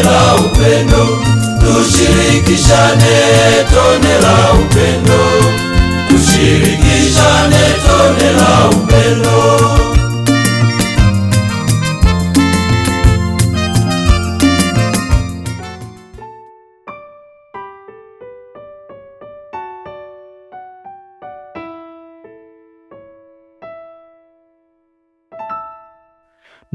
tone la upendo, tushirikishane tone la upendo, tushirikishane tone la upendo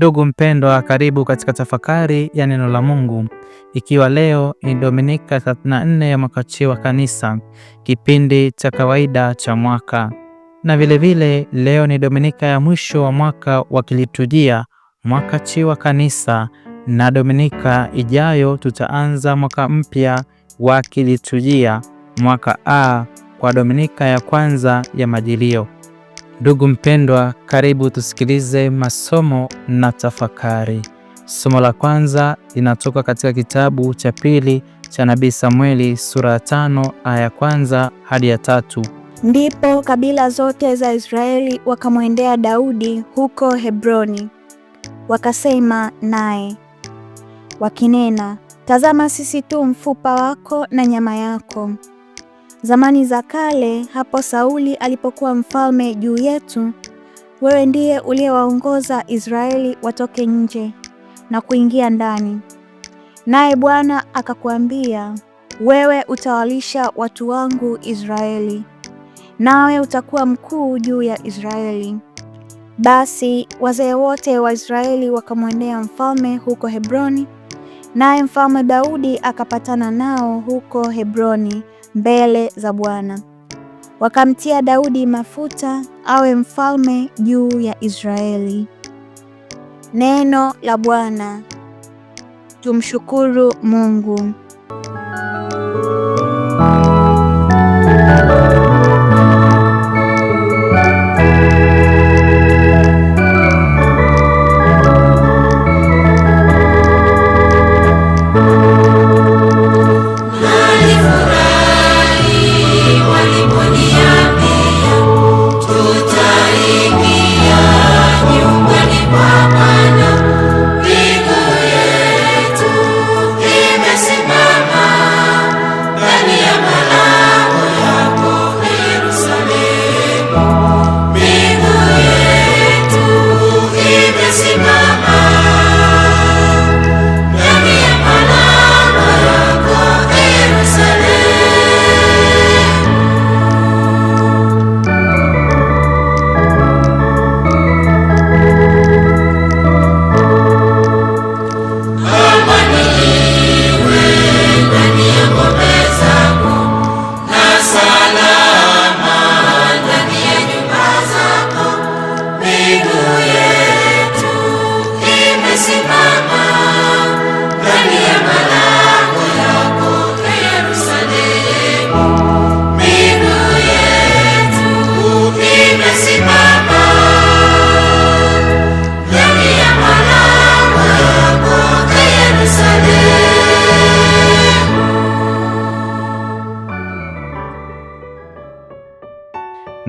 Ndugu mpendwa, karibu katika tafakari ya neno la Mungu, ikiwa leo ni Dominika 34 ya mwaka C wa Kanisa, kipindi cha kawaida cha mwaka, na vilevile vile, leo ni Dominika ya mwisho wa mwaka wa kiliturujia, mwaka C wa Kanisa, na Dominika ijayo tutaanza mwaka mpya wa kiliturujia, mwaka A, kwa Dominika ya kwanza ya Majilio. Ndugu mpendwa, karibu tusikilize masomo na tafakari. Somo la kwanza linatoka katika kitabu cha pili cha nabii Samueli sura ya tano aya ya kwanza hadi ya tatu. Ndipo kabila zote za Israeli wakamwendea Daudi huko Hebroni, wakasema naye wakinena, tazama sisi tu mfupa wako na nyama yako Zamani za kale, hapo Sauli alipokuwa mfalme juu yetu, wewe ndiye uliyewaongoza Israeli watoke nje na kuingia ndani, naye Bwana akakuambia, wewe utawalisha watu wangu Israeli, nawe utakuwa mkuu juu ya Israeli. Basi wazee wote wa Israeli wakamwendea mfalme huko Hebroni, naye mfalme Daudi akapatana nao huko Hebroni mbele za Bwana. Wakamtia Daudi mafuta awe mfalme juu ya Israeli. Neno la Bwana. Tumshukuru Mungu.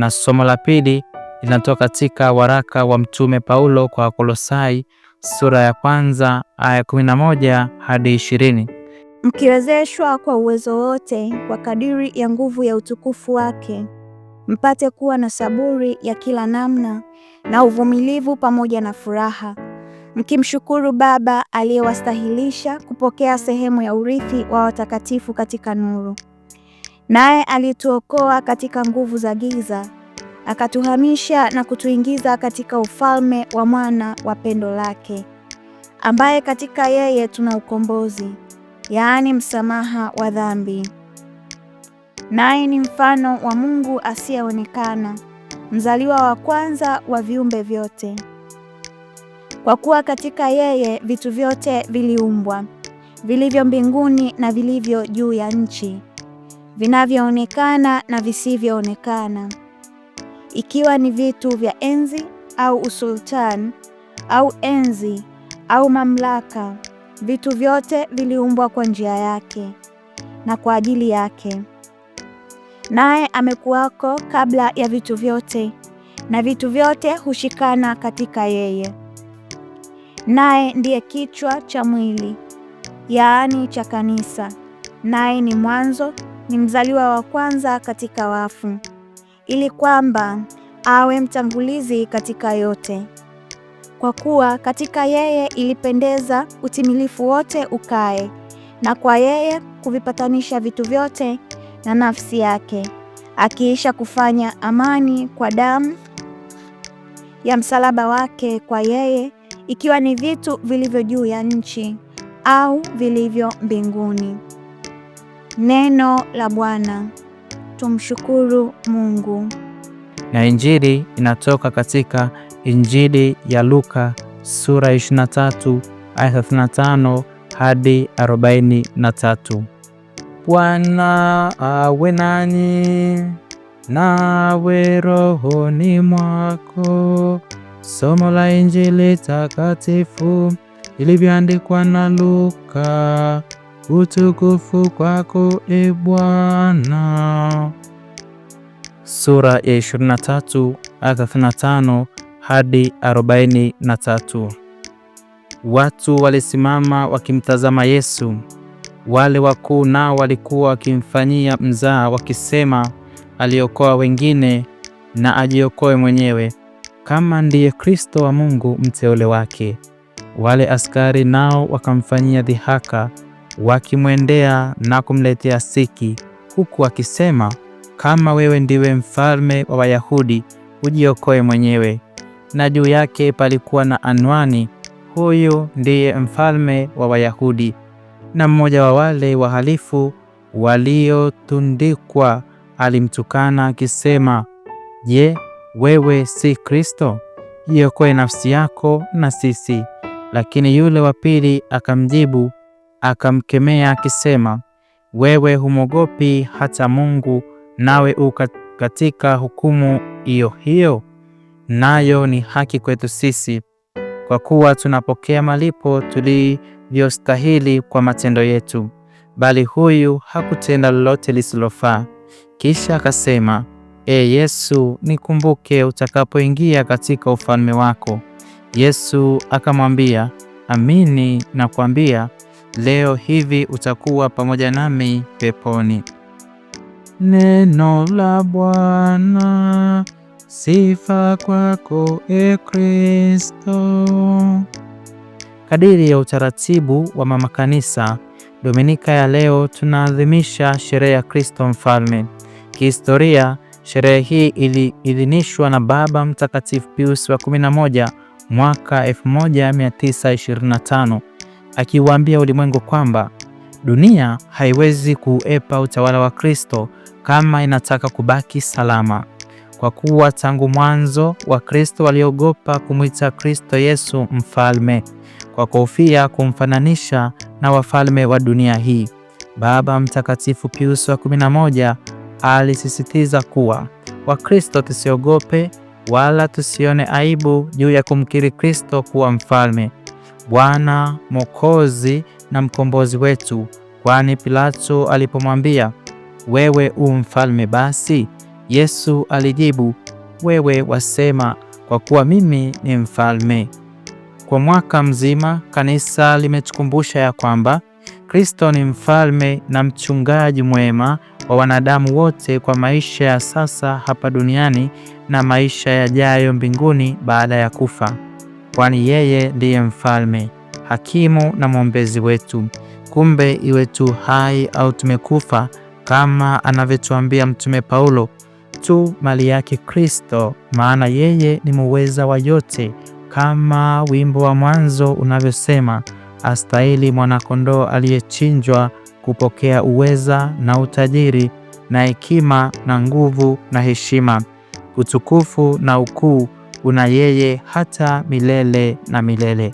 na somo la pili linatoka katika waraka wa Mtume Paulo kwa Kolosai sura ya kwanza aya 11 hadi 20, mkiwezeshwa kwa uwezo wote kwa kadiri ya nguvu ya utukufu wake mpate kuwa na saburi ya kila namna na uvumilivu pamoja na furaha, mkimshukuru Baba aliyewastahilisha kupokea sehemu ya urithi wa watakatifu katika nuru naye alituokoa katika nguvu za giza, akatuhamisha na kutuingiza katika ufalme wa mwana wa pendo lake, ambaye katika yeye tuna ukombozi, yaani msamaha wa dhambi. Naye ni mfano wa Mungu asiyeonekana, mzaliwa wa kwanza wa viumbe vyote, kwa kuwa katika yeye vitu vyote viliumbwa, vilivyo mbinguni na vilivyo juu ya nchi vinavyoonekana na visivyoonekana, ikiwa ni vitu vya enzi au usultani au enzi au mamlaka. Vitu vyote viliumbwa kwa njia yake na kwa ajili yake, naye amekuwako kabla ya vitu vyote, na vitu vyote hushikana katika yeye. Naye ndiye kichwa cha mwili, yaani cha kanisa, naye ni mwanzo ni mzaliwa wa kwanza katika wafu, ili kwamba awe mtangulizi katika yote, kwa kuwa katika yeye ilipendeza utimilifu wote ukae, na kwa yeye kuvipatanisha vitu vyote na nafsi yake, akiisha kufanya amani kwa damu ya msalaba wake kwa yeye, ikiwa ni vitu vilivyo juu ya nchi au vilivyo mbinguni. Neno la Bwana. Tumshukuru Mungu. Na injili inatoka katika Injili ya Luka sura 23 aya 35 hadi 43. Bwana awe nani nawe rohoni mwako. Somo la Injili takatifu ilivyoandikwa na Luka utukufu kwako e Bwana. Sura ya 23 aya 35 hadi 43. Watu walisimama wakimtazama Yesu. Wale wakuu nao walikuwa wakimfanyia mzaa wakisema, aliokoa wengine na ajiokoe mwenyewe kama ndiye Kristo wa Mungu mteule wake. Wale askari nao wakamfanyia dhihaka wakimwendea na kumletea siki, huku akisema, kama wewe ndiwe mfalme wa Wayahudi, ujiokoe mwenyewe. Na juu yake palikuwa na anwani, huyu ndiye mfalme wa Wayahudi. Na mmoja wa wale wahalifu waliotundikwa alimtukana akisema, Je, wewe si Kristo? Jiokoe nafsi yako na sisi. Lakini yule wa pili akamjibu, akamkemea akisema, wewe humwogopi hata Mungu, nawe u katika hukumu hiyo hiyo? Nayo ni haki kwetu sisi, kwa kuwa tunapokea malipo tulivyostahili kwa matendo yetu, bali huyu hakutenda lolote lisilofaa. Kisha akasema, E Yesu, nikumbuke utakapoingia katika ufalme wako. Yesu akamwambia, Amini nakwambia leo hivi utakuwa pamoja nami peponi. Neno la Bwana. Sifa kwako e Kristo. Kadiri ya utaratibu wa mama kanisa, Dominika ya leo tunaadhimisha sherehe ya Kristo Mfalme. Kihistoria, sherehe hii iliidhinishwa na Baba Mtakatifu Pius wa 11 mwaka 1925 akiwaambia ulimwengu kwamba dunia haiwezi kuepa utawala wa Kristo kama inataka kubaki salama, kwa kuwa tangu mwanzo Wakristo waliogopa kumwita Kristo Yesu mfalme kwa kuhofia kumfananisha na wafalme wa dunia hii. Baba Mtakatifu Pius wa 11 alisisitiza kuwa Wakristo tusiogope wala tusione aibu juu ya kumkiri Kristo kuwa mfalme Bwana Mwokozi na mkombozi wetu. Kwani Pilato alipomwambia wewe u mfalme basi, Yesu alijibu wewe wasema, kwa kuwa mimi ni mfalme. Kwa mwaka mzima kanisa limetukumbusha ya kwamba Kristo ni mfalme na mchungaji mwema wa wanadamu wote kwa maisha ya sasa hapa duniani na maisha yajayo mbinguni baada ya kufa kwani yeye ndiye mfalme, hakimu na mwombezi wetu. Kumbe iwe tu hai au tumekufa, kama anavyotuambia Mtume Paulo, tu mali yake Kristo, maana yeye ni muweza wa yote, kama wimbo wa mwanzo unavyosema, astahili mwanakondoo aliyechinjwa kupokea uweza na utajiri na hekima na nguvu na heshima, utukufu na ukuu una yeye hata milele na milele.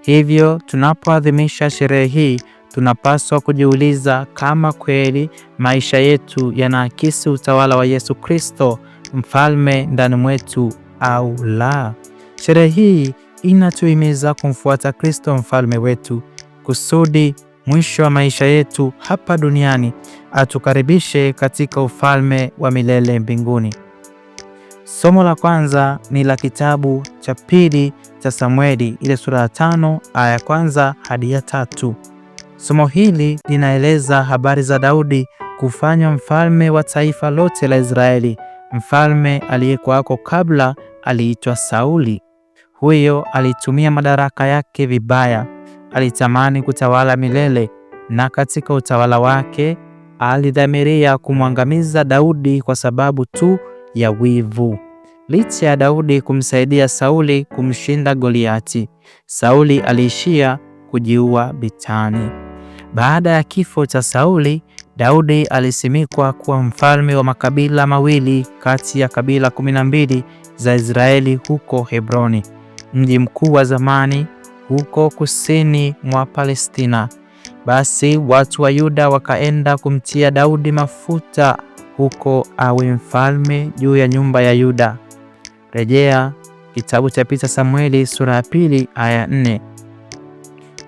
Hivyo tunapoadhimisha sherehe hii, tunapaswa kujiuliza kama kweli maisha yetu yanaakisi utawala wa Yesu Kristo mfalme ndani mwetu au la. Sherehe hii inatuhimiza kumfuata Kristo mfalme wetu kusudi mwisho wa maisha yetu hapa duniani atukaribishe katika ufalme wa milele mbinguni. Somo la kwanza ni la kitabu cha pili cha Samueli, ile sura ya tano aya ya kwanza hadi ya tatu. Somo hili linaeleza habari za Daudi kufanywa mfalme wa taifa lote la Israeli. Mfalme aliyekuwako kabla aliitwa Sauli. Huyo alitumia madaraka yake vibaya, alitamani kutawala milele, na katika utawala wake alidhamiria kumwangamiza Daudi kwa sababu tu ya wivu. Licha ya Daudi kumsaidia Sauli kumshinda Goliati, Sauli aliishia kujiua vitani. Baada ya kifo cha Sauli, Daudi alisimikwa kuwa mfalme wa makabila mawili kati ya kabila 12 za Israeli huko Hebroni, mji mkuu wa zamani huko kusini mwa Palestina. Basi watu wa Yuda wakaenda kumtia Daudi mafuta huko awe mfalme juu ya nyumba ya Yuda. Rejea kitabu cha Pita Samueli sura ya pili aya nne.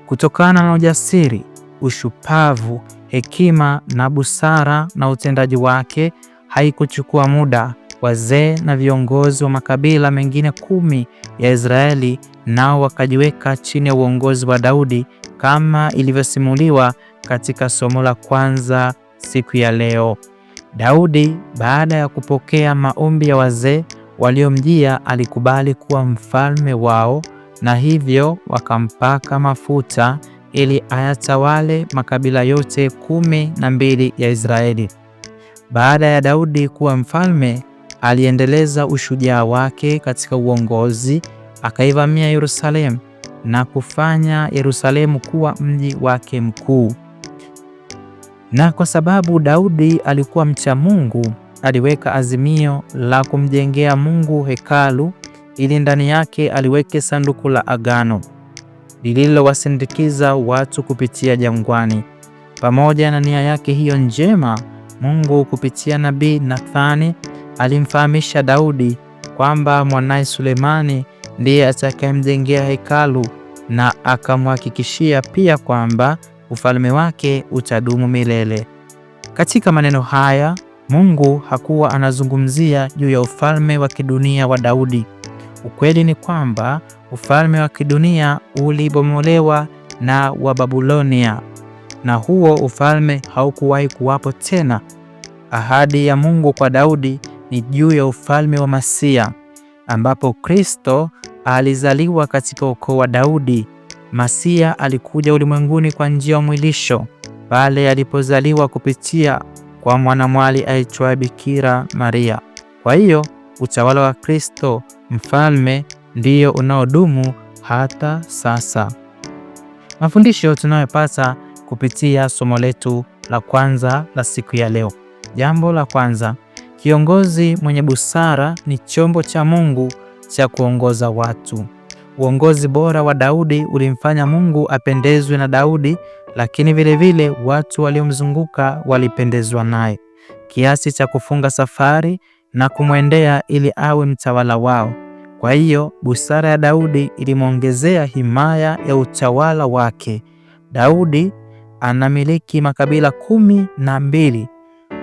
Kutokana na ujasiri, ushupavu, hekima na busara na utendaji wake, haikuchukua muda, wazee na viongozi wa makabila mengine kumi ya Israeli nao wakajiweka chini ya uongozi wa Daudi kama ilivyosimuliwa katika somo la kwanza siku ya leo. Daudi baada ya kupokea maombi ya wazee waliomjia, alikubali kuwa mfalme wao na hivyo wakampaka mafuta ili ayatawale makabila yote kumi na mbili ya Israeli. Baada ya Daudi kuwa mfalme, aliendeleza ushujaa wake katika uongozi, akaivamia Yerusalemu na kufanya Yerusalemu kuwa mji wake mkuu. Na kwa sababu Daudi alikuwa mcha Mungu, aliweka azimio la kumjengea Mungu hekalu ili ndani yake aliweke sanduku la agano lililowasindikiza watu kupitia jangwani. Pamoja na nia yake hiyo njema, Mungu kupitia nabii Nathani alimfahamisha Daudi kwamba mwanaye Sulemani ndiye atakayemjengea hekalu na akamhakikishia pia kwamba ufalme wake utadumu milele. Katika maneno haya, Mungu hakuwa anazungumzia juu ya ufalme wa kidunia wa Daudi. Ukweli ni kwamba ufalme wa kidunia ulibomolewa na wa Babilonia, na huo ufalme haukuwahi kuwapo tena. Ahadi ya Mungu kwa Daudi ni juu ya ufalme wa Masia, ambapo Kristo alizaliwa katika ukoo wa Daudi Masia alikuja ulimwenguni kwa njia ya mwilisho pale alipozaliwa kupitia kwa mwanamwali aitwaye Bikira Maria. Kwa hiyo utawala wa Kristo mfalme ndiyo unaodumu hata sasa. Mafundisho tunayopata kupitia somo letu la kwanza la siku ya leo. Jambo la kwanza, kiongozi mwenye busara ni chombo cha Mungu cha kuongoza watu. Uongozi bora wa Daudi ulimfanya Mungu apendezwe na Daudi, lakini vilevile vile watu waliomzunguka walipendezwa naye kiasi cha kufunga safari na kumwendea ili awe mtawala wao. Kwa hiyo busara ya Daudi ilimwongezea himaya ya utawala wake. Daudi anamiliki makabila kumi na mbili.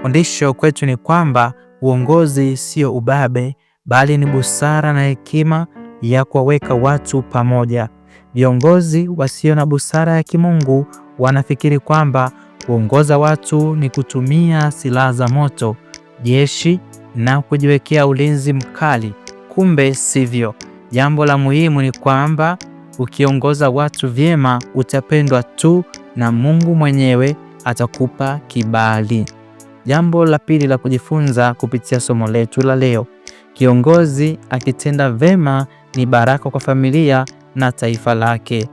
Fundisho kwetu ni kwamba uongozi sio ubabe, bali ni busara na hekima ya kuwaweka watu pamoja. Viongozi wasio na busara ya kimungu wanafikiri kwamba kuongoza watu ni kutumia silaha za moto, jeshi na kujiwekea ulinzi mkali. Kumbe sivyo. Jambo la muhimu ni kwamba ukiongoza watu vyema utapendwa tu na Mungu mwenyewe atakupa kibali. Jambo la pili la kujifunza kupitia somo letu la leo, kiongozi akitenda vema ni baraka kwa familia na taifa lake.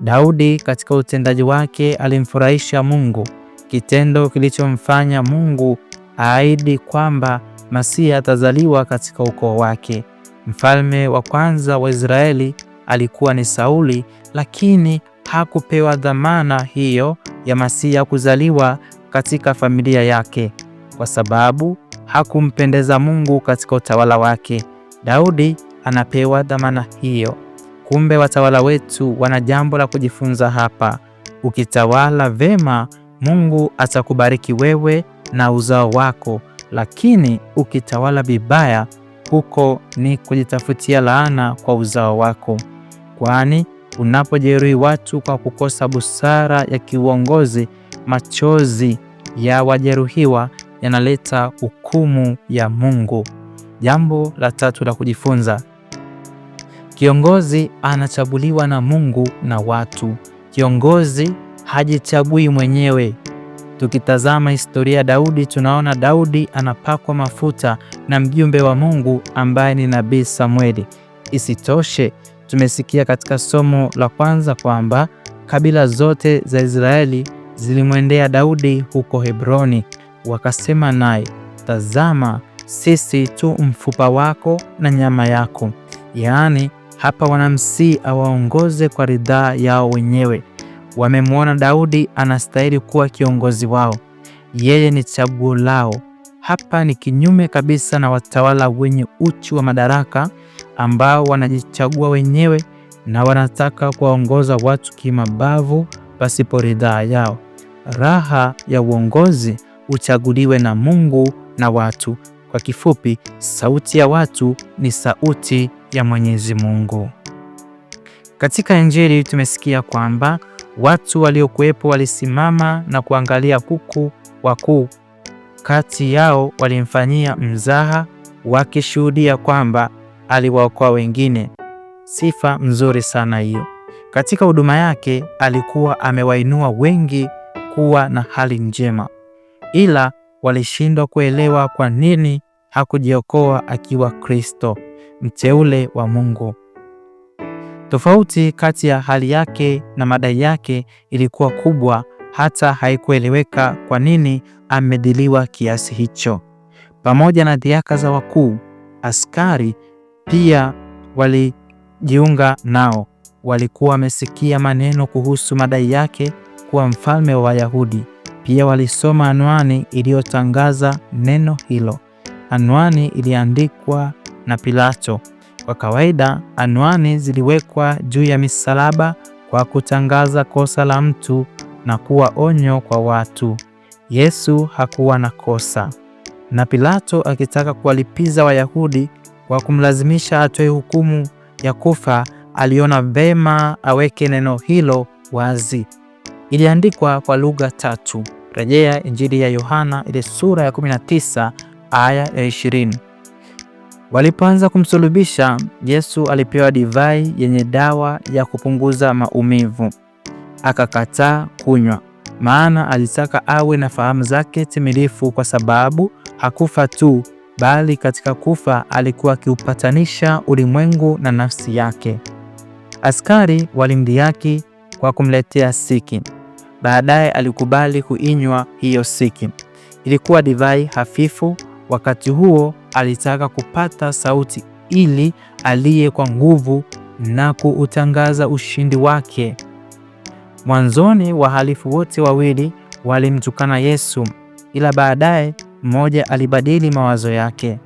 Daudi katika utendaji wake alimfurahisha Mungu, kitendo kilichomfanya Mungu aahidi kwamba Masihi atazaliwa katika ukoo wake. Mfalme wa kwanza wa Israeli alikuwa ni Sauli, lakini hakupewa dhamana hiyo ya Masihi kuzaliwa katika familia yake kwa sababu hakumpendeza Mungu katika utawala wake. Daudi anapewa dhamana hiyo. Kumbe watawala wetu wana jambo la kujifunza hapa. Ukitawala vema, Mungu atakubariki wewe na uzao wako, lakini ukitawala vibaya, huko ni kujitafutia laana kwa uzao wako, kwani unapojeruhi watu kwa kukosa busara ya kiuongozi, machozi ya wajeruhiwa yanaleta hukumu ya Mungu. Jambo la tatu la kujifunza Kiongozi anachaguliwa na Mungu na watu. Kiongozi hajichagui mwenyewe. Tukitazama historia ya Daudi, tunaona Daudi anapakwa mafuta na mjumbe wa Mungu ambaye ni Nabii Samueli. Isitoshe, tumesikia katika somo la kwanza kwamba kabila zote za Israeli zilimwendea Daudi huko Hebroni, wakasema naye, tazama, sisi tu mfupa wako na nyama yako, yaani hapa wanamsii awaongoze kwa ridhaa yao wenyewe. Wamemwona Daudi anastahili kuwa kiongozi wao, yeye ni chaguo lao. Hapa ni kinyume kabisa na watawala wenye uchu wa madaraka ambao wanajichagua wenyewe na wanataka kuwaongoza watu kimabavu pasipo ridhaa yao. Raha ya uongozi uchaguliwe na Mungu na watu. Kwa kifupi, sauti ya watu ni sauti ya Mwenyezi Mungu. Katika Injili tumesikia kwamba watu waliokuwepo walisimama na kuangalia kuku wakuu, kati yao walimfanyia mzaha, wakishuhudia kwamba aliwaokoa wengine. Sifa nzuri sana hiyo. Katika huduma yake alikuwa amewainua wengi kuwa na hali njema, ila walishindwa kuelewa kwa nini hakujiokoa akiwa Kristo mteule wa Mungu. Tofauti kati ya hali yake na madai yake ilikuwa kubwa, hata haikueleweka kwa nini amedhiliwa kiasi hicho. Pamoja na dhiaka za wakuu, askari pia walijiunga nao. Walikuwa wamesikia maneno kuhusu madai yake kuwa mfalme wa Wayahudi. Pia walisoma anwani iliyotangaza neno hilo. Anwani iliandikwa na Pilato. Kwa kawaida, anwani ziliwekwa juu ya misalaba kwa kutangaza kosa la mtu na kuwa onyo kwa watu. Yesu hakuwa na kosa, na Pilato akitaka kuwalipiza Wayahudi kwa kumlazimisha atoe hukumu ya kufa, aliona vema aweke neno hilo wazi. Iliandikwa kwa lugha tatu. Rejea Injili ya Yohana ile sura ya 19 aya ya 20. Walipoanza kumsulubisha, Yesu alipewa divai yenye dawa ya kupunguza maumivu. Akakataa kunywa, maana alitaka awe na fahamu zake timilifu, kwa sababu hakufa tu, bali katika kufa alikuwa akiupatanisha ulimwengu na nafsi yake. Askari walimdhihaki kwa kumletea siki. Baadaye alikubali kuinywa hiyo siki. Ilikuwa divai hafifu wakati huo alitaka kupata sauti ili aliye kwa nguvu na kuutangaza ushindi wake. Mwanzoni wahalifu wote wawili walimtukana Yesu, ila baadaye mmoja alibadili mawazo yake.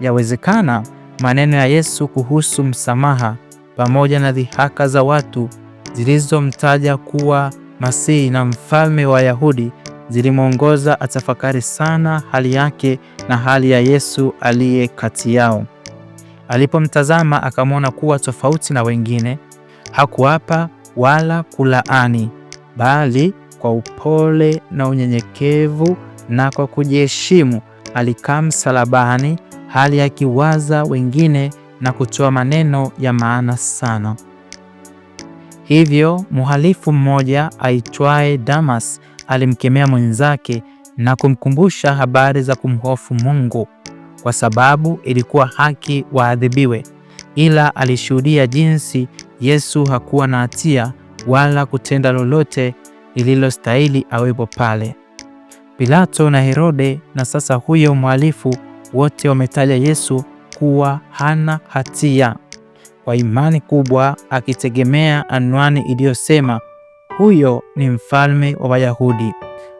Yawezekana maneno ya Yesu kuhusu msamaha pamoja na dhihaka za watu zilizomtaja kuwa Masihi na mfalme wa Yahudi zilimwongoza atafakari sana hali yake na hali ya Yesu aliye kati yao. Alipomtazama akamwona kuwa tofauti na wengine, hakuapa wala kulaani, bali kwa upole na unyenyekevu na kwa kujiheshimu alikaa msalabani, hali akiwaza wengine na kutoa maneno ya maana sana. Hivyo mhalifu mmoja aitwaye Damas alimkemea mwenzake na kumkumbusha habari za kumhofu Mungu kwa sababu ilikuwa haki waadhibiwe, ila alishuhudia jinsi Yesu hakuwa na hatia wala kutenda lolote lililostahili awepo pale. Pilato na Herode na sasa huyo mhalifu wote wametaja Yesu kuwa hana hatia kwa imani kubwa, akitegemea anwani iliyosema huyo ni mfalme wa Wayahudi.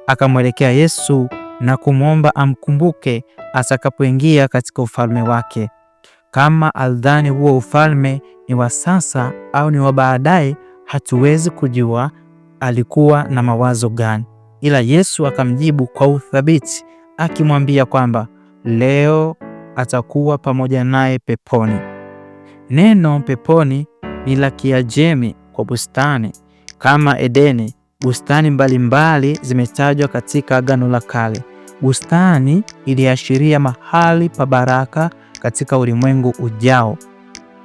Akamwelekea Yesu na kumwomba amkumbuke atakapoingia katika ufalme wake. Kama aldhani huo ufalme ni wa sasa au ni wa baadaye, hatuwezi kujua alikuwa na mawazo gani, ila Yesu akamjibu kwa uthabiti akimwambia kwamba leo atakuwa pamoja naye peponi. Neno peponi ni la Kiajemi kwa bustani. Kama Edeni, bustani mbalimbali zimetajwa katika Agano la Kale. Bustani iliashiria mahali pa baraka katika ulimwengu ujao.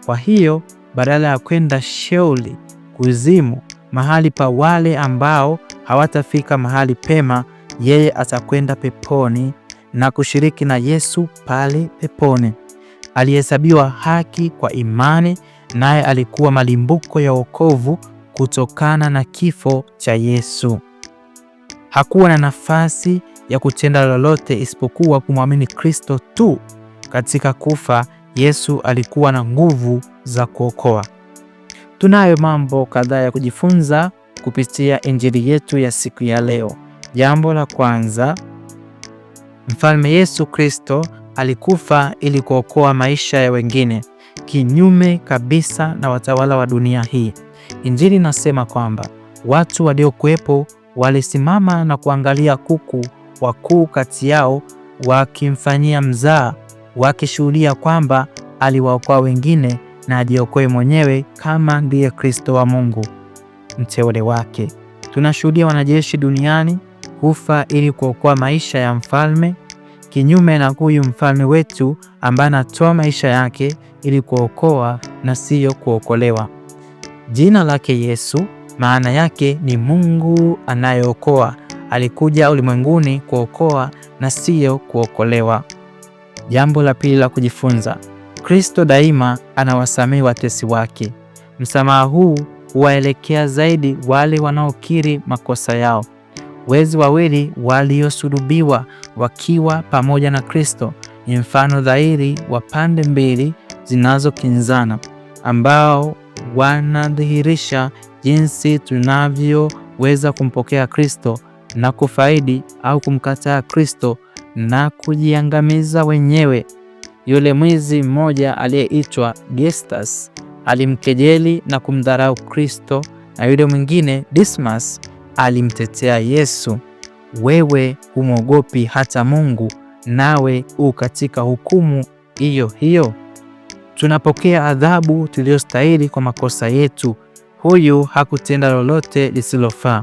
Kwa hiyo badala ya kwenda Sheoli, kuzimu, mahali pa wale ambao hawatafika mahali pema, yeye atakwenda peponi na kushiriki na Yesu pale peponi. Alihesabiwa haki kwa imani, naye alikuwa malimbuko ya wokovu kutokana na kifo cha Yesu. Hakuwa na nafasi ya kutenda lolote isipokuwa kumwamini Kristo tu. Katika kufa, Yesu alikuwa na nguvu za kuokoa. Tunayo mambo kadhaa ya kujifunza kupitia injili yetu ya siku ya leo. Jambo la kwanza, Mfalme Yesu Kristo alikufa ili kuokoa maisha ya wengine, kinyume kabisa na watawala wa dunia hii. Injili inasema kwamba watu waliokuwepo walisimama na kuangalia kuku wakuu kati yao wakimfanyia mzaa, wakishuhudia kwamba aliwaokoa wengine na ajiokoe mwenyewe kama ndiye Kristo wa Mungu mteule wake. Tunashuhudia wanajeshi duniani hufa ili kuokoa maisha ya mfalme, kinyume na huyu mfalme wetu ambaye anatoa maisha yake ili kuokoa na siyo kuokolewa. Jina lake Yesu maana yake ni Mungu anayeokoa. Alikuja ulimwenguni kuokoa na siyo kuokolewa. Jambo la pili la kujifunza, Kristo daima anawasamehe watesi wake. Msamaha huu huwaelekea zaidi wale wanaokiri makosa yao. Wezi wawili waliosulubiwa wakiwa pamoja na Kristo ni mfano dhahiri wa pande mbili zinazokinzana ambao wanadhihirisha jinsi tunavyoweza kumpokea Kristo na kufaidi au kumkataa Kristo na kujiangamiza wenyewe. Yule mwizi mmoja aliyeitwa Gestas alimkejeli na kumdharau Kristo, na yule mwingine Dismas alimtetea Yesu. Wewe humwogopi hata Mungu, nawe u katika hukumu hiyo hiyo tunapokea adhabu tuliyostahili kwa makosa yetu. Huyu hakutenda lolote lisilofaa.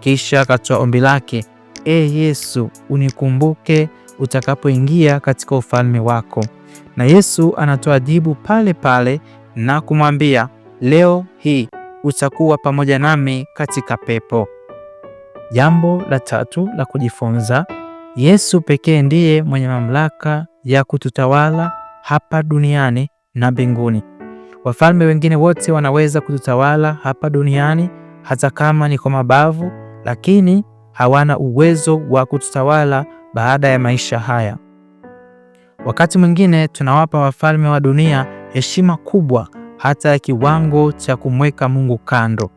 Kisha akatoa ombi lake, E Yesu, unikumbuke utakapoingia katika ufalme wako. Na Yesu anatoa jibu pale pale na kumwambia, leo hii utakuwa pamoja nami katika pepo. Jambo la tatu la kujifunza, Yesu pekee ndiye mwenye mamlaka ya kututawala hapa duniani na mbinguni. Wafalme wengine wote wanaweza kututawala hapa duniani, hata kama ni kwa mabavu, lakini hawana uwezo wa kututawala baada ya maisha haya. Wakati mwingine tunawapa wafalme wa dunia heshima kubwa hata ya kiwango cha kumweka Mungu kando.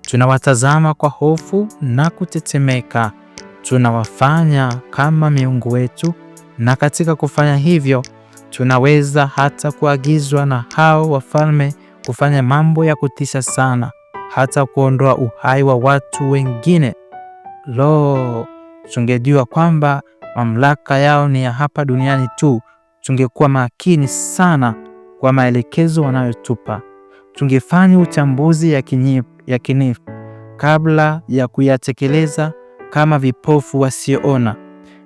Tunawatazama kwa hofu na kutetemeka, tunawafanya kama miungu wetu, na katika kufanya hivyo tunaweza hata kuagizwa na hao wafalme kufanya mambo ya kutisha sana, hata kuondoa uhai wa watu wengine. Lo, tungejua kwamba mamlaka yao ni ya hapa duniani tu, tungekuwa makini sana kwa maelekezo wanayotupa. Tungefanya uchambuzi yakinifu kabla ya kuyatekeleza kama vipofu wasioona.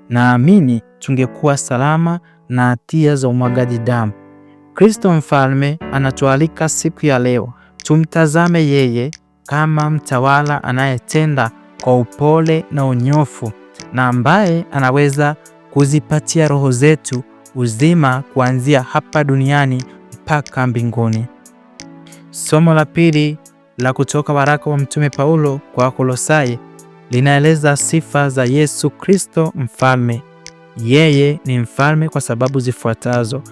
Naamini tungekuwa salama na hatia za umwagaji damu. Kristo mfalme anatualika siku ya leo tumtazame yeye kama mtawala anayetenda kwa upole na unyofu na ambaye anaweza kuzipatia roho zetu uzima kuanzia hapa duniani mpaka mbinguni. Somo la pili la kutoka waraka wa Mtume Paulo kwa Wakolosai linaeleza sifa za Yesu Kristo mfalme. Yeye ni mfalme kwa sababu zifuatazo.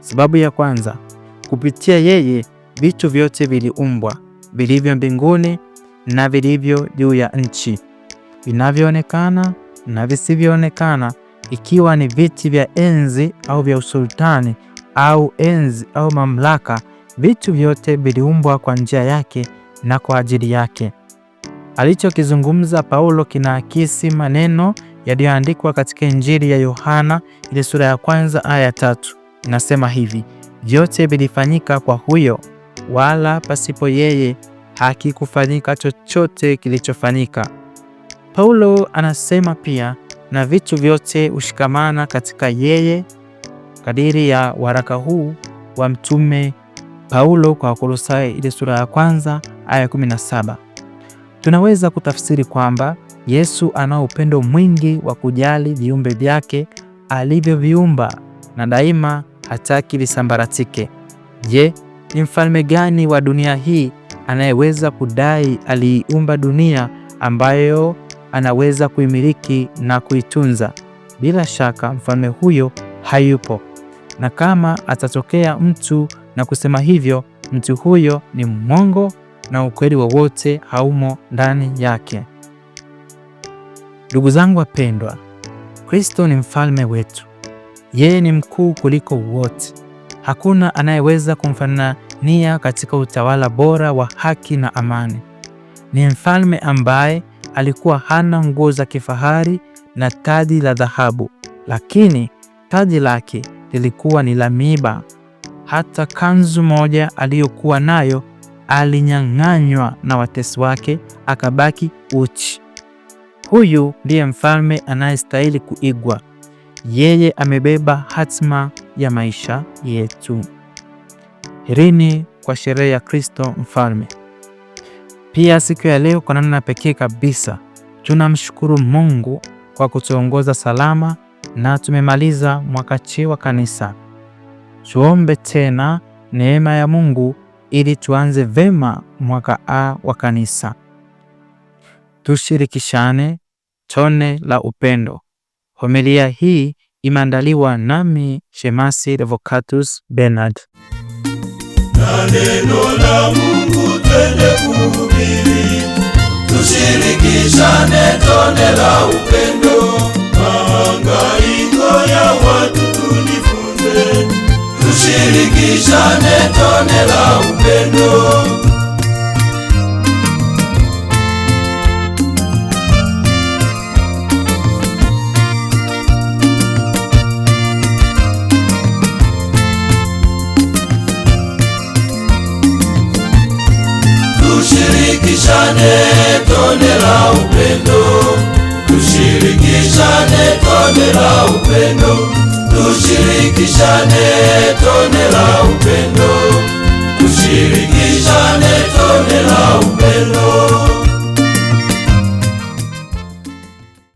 Sababu ya kwanza, kupitia yeye vitu vyote viliumbwa, vilivyo mbinguni na vilivyo juu ya nchi, vinavyoonekana na visivyoonekana, ikiwa ni viti vya enzi au vya usultani au enzi au mamlaka. Vitu vyote viliumbwa kwa njia yake na kwa ajili yake. Alichokizungumza Paulo kinaakisi maneno yaliyoandikwa katika Injili ya Yohana ile sura ya kwanza aya ya tatu inasema hivi: vyote vilifanyika kwa huyo, wala pasipo yeye hakikufanyika chochote kilichofanyika. Paulo anasema pia, na vitu vyote hushikamana katika yeye, kadiri ya waraka huu wa mtume Paulo kwa Wakolosai ile sura ya kwanza aya 17. Tunaweza kutafsiri kwamba Yesu anao upendo mwingi wa kujali viumbe vyake alivyoviumba na daima hataki visambaratike. Je, ni mfalme gani wa dunia hii anayeweza kudai aliiumba dunia ambayo anaweza kuimiliki na kuitunza? Bila shaka mfalme huyo hayupo, na kama atatokea mtu na kusema hivyo, mtu huyo ni mwongo na ukweli wowote haumo ndani yake. Ndugu zangu wapendwa, Kristo ni mfalme wetu. Yeye ni mkuu kuliko wote. Hakuna anayeweza kumfanania katika utawala bora wa haki na amani. Ni mfalme ambaye alikuwa hana nguo za kifahari na taji la dhahabu, lakini taji lake lilikuwa ni la miiba. Hata kanzu moja aliyokuwa nayo alinyang'anywa na watesi wake, akabaki uchi. Huyu ndiye mfalme anayestahili kuigwa. Yeye amebeba hatima ya maisha yetu. Herini kwa sherehe ya Kristo Mfalme. Pia siku ya leo, kwa namna pekee kabisa, tunamshukuru Mungu kwa kutuongoza salama na tumemaliza mwaka C wa kanisa. Tuombe tena neema ya Mungu ili tuanze vema mwaka A wa kanisa. Tushirikishane tone la upendo. Homilia hii imeandaliwa nami Shemasi Revocatus Bernard. Na neno la Mungu twende kuhubiri, tushirikishane tone la upendo. Mahangaiko ya watu tujifunze, tushirikishane tone la upendo. Tushirikishane tone la upendo, tushirikishane tone la upendo, tushirikishane tone la upendo, tushirikishane tone la upendo.